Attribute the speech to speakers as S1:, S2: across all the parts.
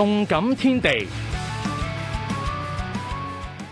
S1: 動感天地。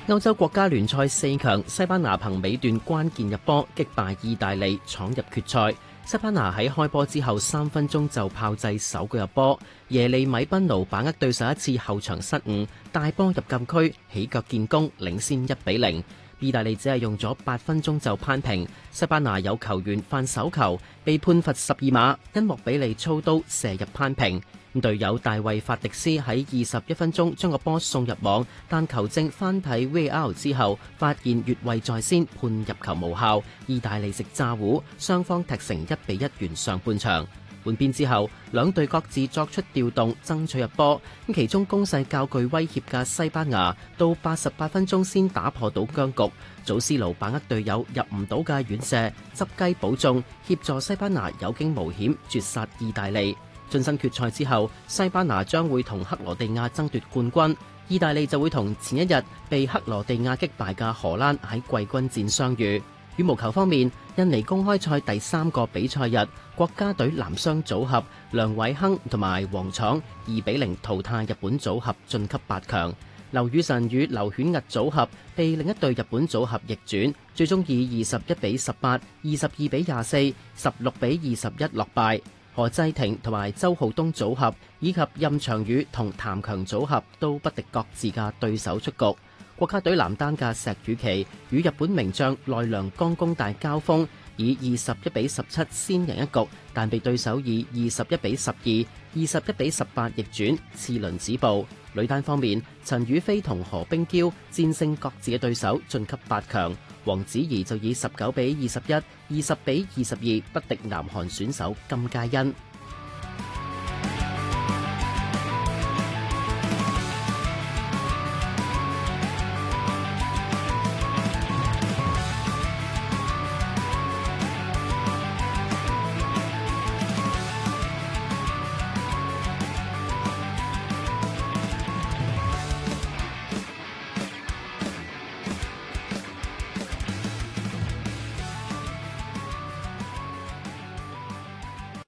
S1: 歐洲國家聯賽四強，西班牙憑尾段關鍵入波擊敗意大利，闖入決賽。西班牙喺開波之後三分鐘就炮製首個入波，耶利米賓奴把握對手一次後場失誤，大波入禁區起腳建功，領先一比零。意大利只係用咗八分鐘就攀平，西班牙有球員犯手球被判罰十二碼，因莫比利操刀射入攀平。咁隊友大衛法迪斯喺二十一分鐘將個波送入網，但球證翻睇 VAR 之後發現越位在先，判入球無效。意大利食炸糊，雙方踢成一比一完上半場。換邊之後，兩隊各自作出調動，爭取入波。咁其中攻勢較具威脅嘅西班牙，到八十八分鐘先打破到僵局。祖斯盧把握隊友入唔到嘅遠射，執雞保中，協助西班牙有驚無險絕殺意大利。晉身決賽之後，西班牙將會同克羅地亞爭奪冠軍，意大利就會同前一日被克羅地亞擊敗嘅荷蘭喺季軍戰相遇。羽毛球方面，印尼公開賽第三個比賽日，國家隊男雙組合梁偉鏗同埋王昶2比0淘汰日本組合晉級八強。劉雨辰與歐烜屹組合被另一對日本組合逆轉，最終以21比18、22比24、16比21落敗。何濟霆同埋周昊東組合以及任翔宇同譚強組合都不敵各自嘅對手出局。國家隊男單嘅石宇奇與日本名將奈良岡功大交鋒，以21比17先贏一局，但被對手以21比12、21比18逆轉，次輪止步。女單方面，陳雨菲同何冰嬌戰勝各自嘅對手晉級八強，王祉怡就以19比21、20比22不敵南韓選手金佳恩。